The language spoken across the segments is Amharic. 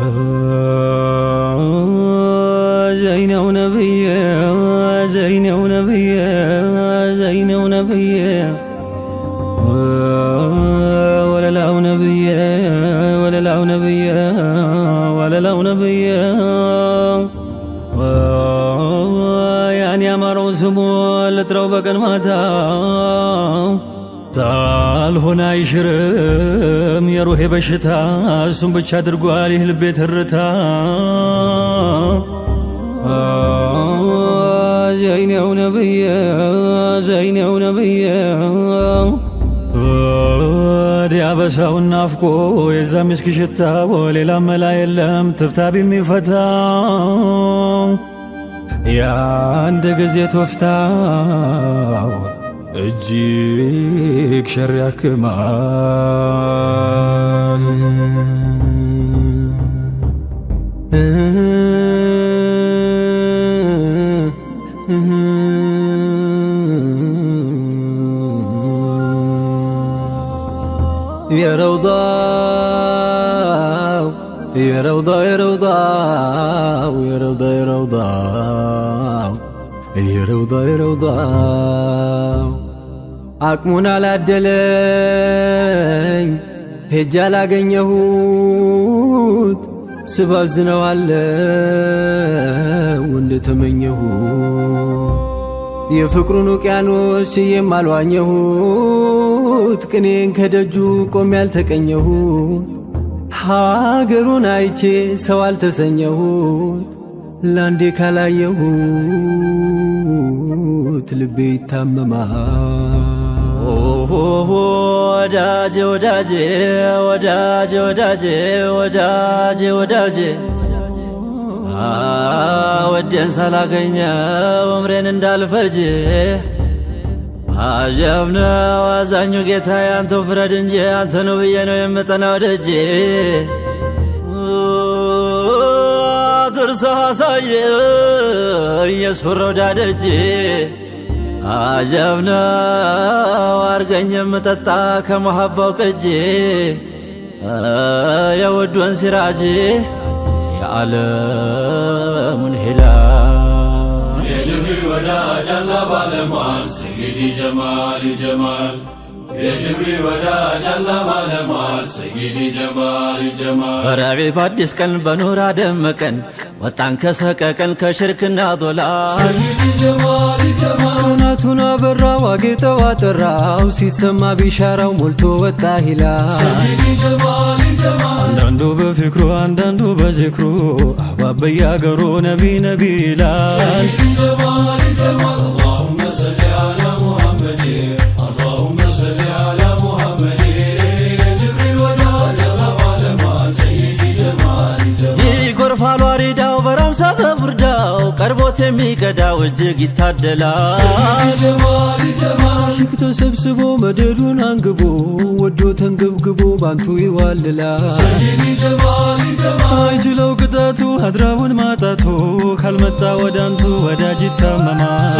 Oh. ጣልሆን አይሽርም የሩሄ በሽታ እሱም ብቻ አድርጓል ይህ ልቤ ትርታ ዘይኔው ነብየ ዘይኔው ነብየ ወዲያ በሰውን ናፍቆ የዛ ሚስኪ ሽታ ሌላ መላ የለም ትብታብ የሚፈታ የአንድ ጊዜ ቶፍታ اجيك ሸር ያክማል يا روضة يا روضة يا روضة يا روضة يا روضة ይረውዳ ይረውዳ አቅሙን አላደለኝ ሄጃ አላገኘሁት ስባዝነዋለ ወንድ እንደተመኘሁት የፍቅሩን ውቅያኖስ የማልዋኘሁት ቅኔን ከደጁ ቆሜ ያልተቀኘሁት ሀገሩን አይቼ ሰው አልተሰኘሁት ላንዴ ካላየሁት ስሞት ልቤ ይታመማል። ወዳጄ ወዳጄ ወዳጄ ወዳጄ ወዳጄ ወዳጄ ወዴን ሳላገኘው እምሬን እንዳልፈጅ አጀብ ነው አዛኙ ጌታ ያንተው ፍረድ እንጂ አንተኑ ብዬ ነው የምጠናው ደጄ አፍርሶ አሳየ ኢየሱስ ዳደጄ አጀብ ነው አርገኝ የምጠጣ ከመሐባው ቅጄ የውዱን ሲራጅ የዓለሙን ሂላል የጅብሪል ወዳጅ አላ ባለሟል ሰይዲ ጀማል ጀማል የጅብሪል ወዳጅ አላ ባለሟል ሰይዲ ጀማል ጀማል ረቢ በአዲስ ቀን በኑር አደመቀን ወጣን ከሰቀቀን ከሽርክና ዶላ እውነቱን አበራ ዋጌ አጠራው ሲሰማ ቢሻራው ሞልቶ ወጣ ሂላ አንዳንዱ በፍክሩ አንዳንዱ በዝክሩ አህባብ በያገሩ ነቢ ነቢ ይላል ጎሳ በቡርዳው ቀርቦት የሚቀዳው እጅግ ይታደላል። ሽክቶ ሰብስቦ መደዱን አንግቦ ወዶ ተንገብግቦ ባንቱ ይዋልላል። አይችለው ቅጣቱ አድራቡን ማጣቱ ካልመጣ ወዳንቱ ወዳጅ ይታመማል።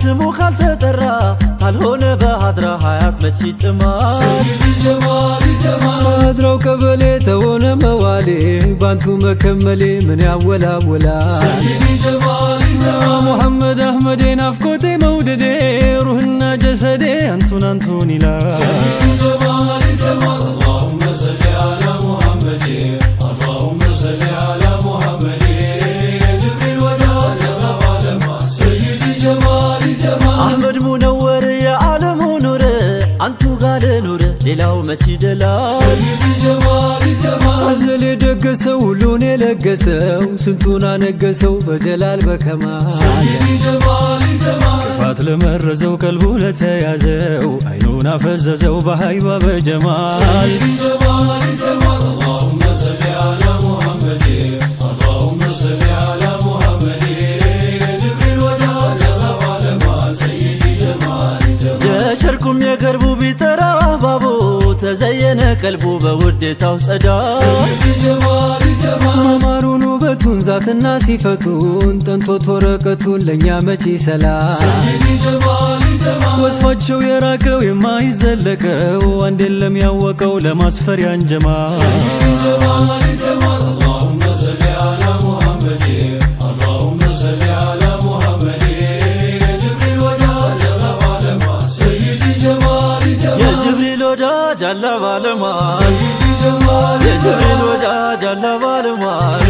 ስሙ ካልተጠራ ካልሆነ በሀድራ ሀያት መች ጥማል በሀድራው ቀበሌ ተሆነ መዋሌ ባንቱ መከመሌ ምን ያወላውላ ሙሐመድ አህመዴ ናፍቆቴ መውደዴ ሩህና ጀሰዴ አንቱን አንቱን ይላል ሌላው መች አዘል የደገሰው ሁሉን የለገሰው ስንቱን አነገሰው በጀላል በከማ ክፋት ለመረዘው ቀልቡ ለተያዘው አይኑን አፈዘዘው በሀይባ በጀማል የሸርቁም የገርቡ ቢጠራ ባቦ ተዘየነ ቀልቡ በውዴታው ጸዳ መማሩን ውበቱን ዛትና ሲፈቱን ጠንቶት ወረቀቱን ለእኛ መቼ ይሰላል ወስፋቸው የራቀው የማይዘለቀው አንዴን ለሚያወቀው ለማስፈሪያ እንጀማ አለ ባልማል የጅብሪል ወዳጅ አለ ባልማል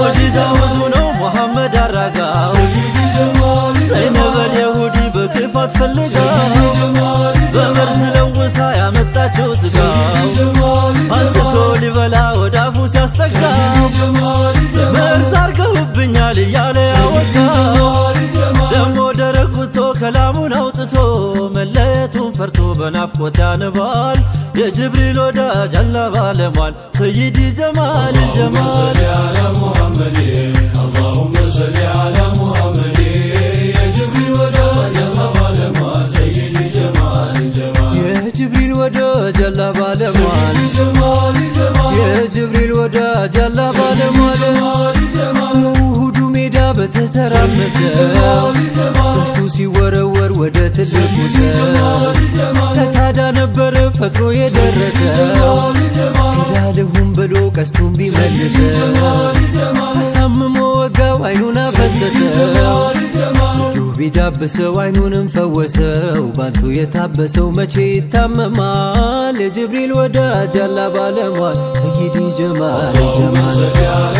ወዲዛ ብዙ ነው መሐመድ አራጋው ዘይነበል የሁዲ በክፋት ፈልጋ በመርዝ ለውሳ ያመጣችው ስጋው አንስቶ ሊበላ ወዳፉ ሲያስጠጋ መርዝ አርገውብኛል እያለ ከላሙን አውጥቶ መለየቱን ፈርቶ በናፍቆት ያንባል የጅብሪል ወዳጅ አላ ባለሟል ሰይዲ ጀማል ጀማል የጅብሪል ወዳጅ አላ ባለሟል የጅብሪል ወዳጅ አላ ባለሟል በተተራመሰ ውስጡ ሲወረወር ወደ ትልቁ ከታዳ ነበረ ፈጥሮ የደረሰ ኪዳልሁም ብሎ ቀስቱን ቢመልሰ አሳምሞ ወጋው አይኑን አፈሰሰ እጁ ቢዳብሰው አይኑንም ፈወሰው ባንቱ የታበሰው መቼ ይታመማል የጅብሪል ወዳጅ አላ ባለሟል ሰይዲ ጀማል ጀማል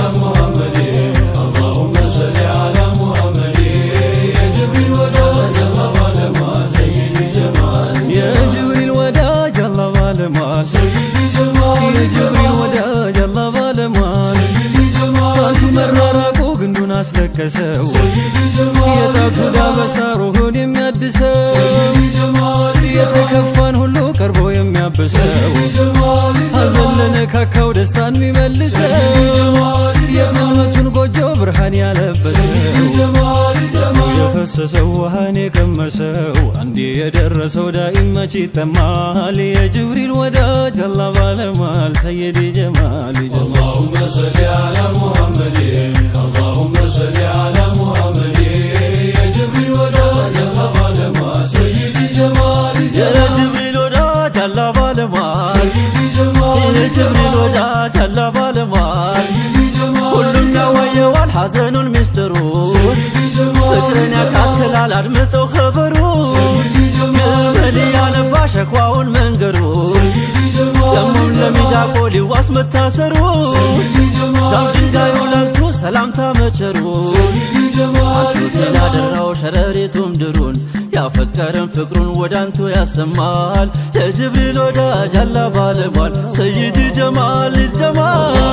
ባለሟል የጅብሪል ወዳጅ አላ ባለሟል ጣቱ መራራቁ ግንዱን አስለቀሰው የጣቱ ዳበሳ ሩህን የሚያድሰው የተከፋን ሁሉ ቀርቦ የሚያበሰው ሐዘን ካካው ደስታን የሚመልሰው የዝመቱን ጎጆ ብርሃን ያለበሰው የፈሰሰው ውሃን የቀመሰው አንዴ የደረሰው ዳኢም መቼ ይጠማል? የጅብሪል ወዳጅ አላ ባለማል ሰየድ ጀማል አላሁመ ሰሊ አላ ሙሐመድ አላሁመ ሰሊ አላ ሙሐመድ የጅብሪል ወዳጅ አላ ባለማል ሰየድ ጀማል የጅብሪል ወዳጅ አላ ባለማል ሰየድ ጀማል የጅብሪል ወዳጅ አላ ባለማል ሁሉም ያወየዋል ሐዘኑን ሚስጥሩን ፍቅርን ያካትላል አድምጠው ኸበሩ ገበል ያለባ ሸኳውን መንገሩ ደሙን ለሚዳቆ ሊዋስ መታሰሩ ዛፍ ድንጋዩ ለቅቶ ሰላምታ መቸሩ አንቱ ስላደራው ሸረሪቱም ድሩን ያፈቀረን ፍቅሩን ወደ አንቱ ያሰማል የጅብሪል ወዳጅ አላ ባለሟል ሰይድ ጀማል ጀማል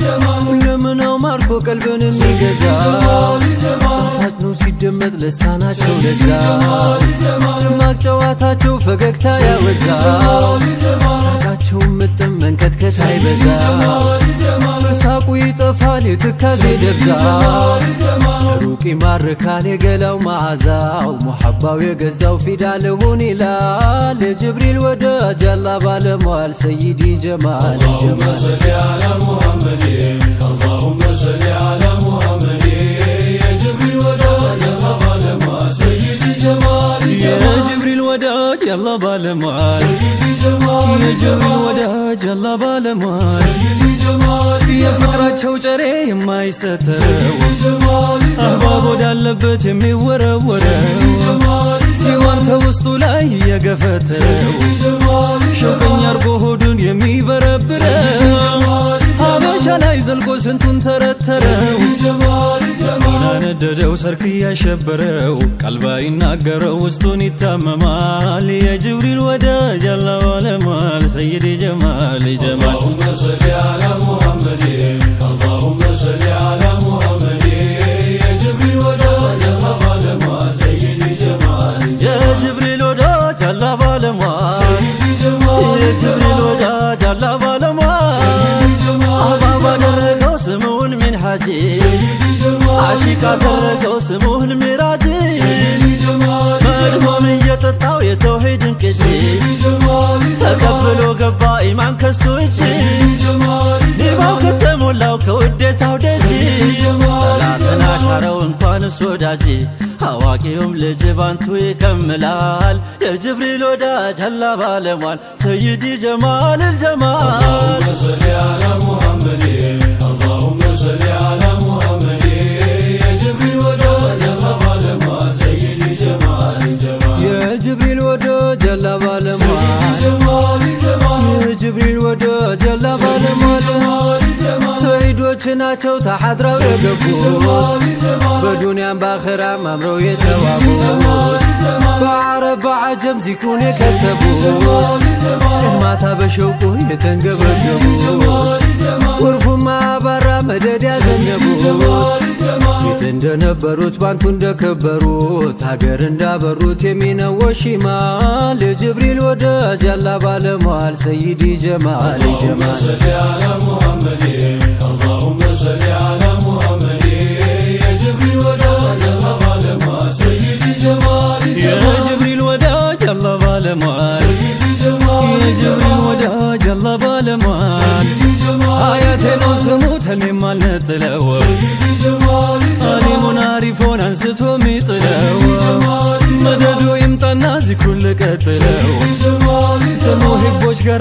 ጀማል ሁለምናው ማርኮ ቀልብን የሚገዛ ሲደመጥ ልሳናቸው ለዛ ደማቅ ጨዋታቸው ፈገግታ ያበዛ ሳቃቸው ምጥም መንከትከት አይበዛ ሳቁ ይጠፋል የትካዜ ደብዛ ሩቅ ይማርካል የገላው መዓዛው ሙሐባው የገዛው ፊዳ ልሁን ይላል የጅብሪል ወዳጅ አላ ባለሟል ሰይዲ ጀማል ጀማል ወዳጅ አላ ባለሟል የፍቅራቸው ጨሬ የማይሰተው አህባብ ወዳለበት የሚወረወረው ሲዋን ተውስጡ ላይ የገፈተው ሸቀኝ አርጎ ሆዱን የሚበረብረው ሀበሻ ላይ ዘልቆ ስንቱን ተረተረው ያነደደው ሰርክ ያሸበረው ቀልባ ይናገረው ውስጡን ይታመማል የጅብሪል ወዳጅ አላሁ አለማል ሰይድ ጀማል ጀማል የጅብሪል ወዳጅ አላህ ባለሟል የጅብሪል ወዳጅ አላህ ባለሟል አባ ባደረገው ስምውን ሚን ሐጂ ሙዚቃ ደረገው ስሙህን ሚራጅ መድሆም እየጠጣው የተውሂድን ቅጅ ተቀብሎ ገባ ኢማን ከሱ እጅ ሊባው ከተሞላው ከውዴታው ደጅ ጠላትን አሻረው እንኳንስ ወዳጅ አዋቂውም ልጅ ባንቱ ይከምላል የጅብሪል ወዳጅ አላ ባለሟል ሰይዲ ጀማል ልጀማል اللهم صل على محمد اللهم ጅብሪል ወደ ጀላ ባለማ የጅብሪል ወደ ጀላ ባለማ ጀግኖች ናቸው ተሓድረው የገቡ በዱንያም በአኸራም አምረው የተዋቡ በዓረብ በዓጀም ዚክሩን የከተቡ ቀን ማታ በሸውቁ የተንገበገቡ ጎርፉማ ባራ መደድ ያዘነቡ ፊት እንደነበሩት ባንቱ እንደከበሩት ሀገር እንዳበሩት የሚነወሽማ ለጅብሪል ወዳጅ ያላ ባለመዋል ሰይዲ ጀማል ጀማል አያቴ ነው ስሙ ተኔም አልነጥለው አሊሙን አሪፎን አንስቶ ሚጥለው መደዱ ይምጣና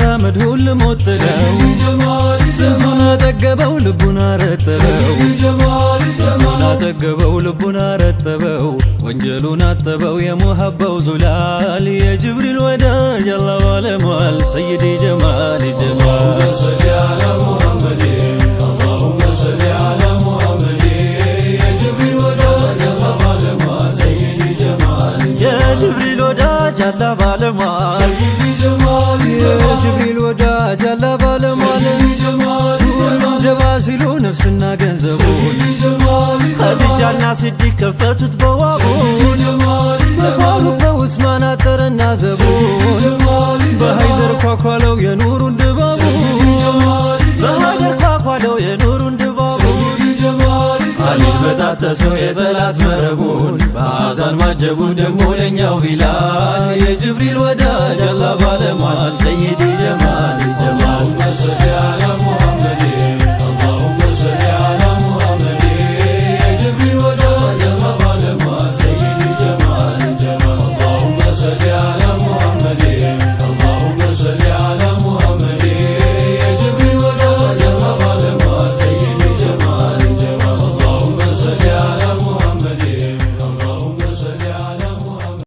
ጋራ መድሁን ልሞጥለው ልቡን አጠገበው ልቡን አረጠበው ልቡን አጠገበው ልቡን አረጠበው ወንጀሉን አጠበው የሙሀባው ዙላል የጅብሪል ወዳጅ አላህ ባለሟል ሰይድ ጀማል ጀማል የጅብሪል ወዳጅ አላህ ባለሟል የጅብሪል ወዳጅ አላህ ባለሟል ቢሉ ነፍስና ገንዘቡ ኸዲጃና ሲዲቅ ከፈቱት በዋቡን በፋሩቅ በኡስማን አጠረና ዘቡን በሀይደር ኳኳለው የኑሩን ድባቡ በሀይደር ኳኳለው የኑሩን ድባቡ አሊል በጣጠሰው የጠላት መረቡን በአዛን ማጀቡን ደግሞ ለእኛው ቢላል የጅብሪል ወዳጅ አላ ባለማል ሰይድ ጀማል ጀማል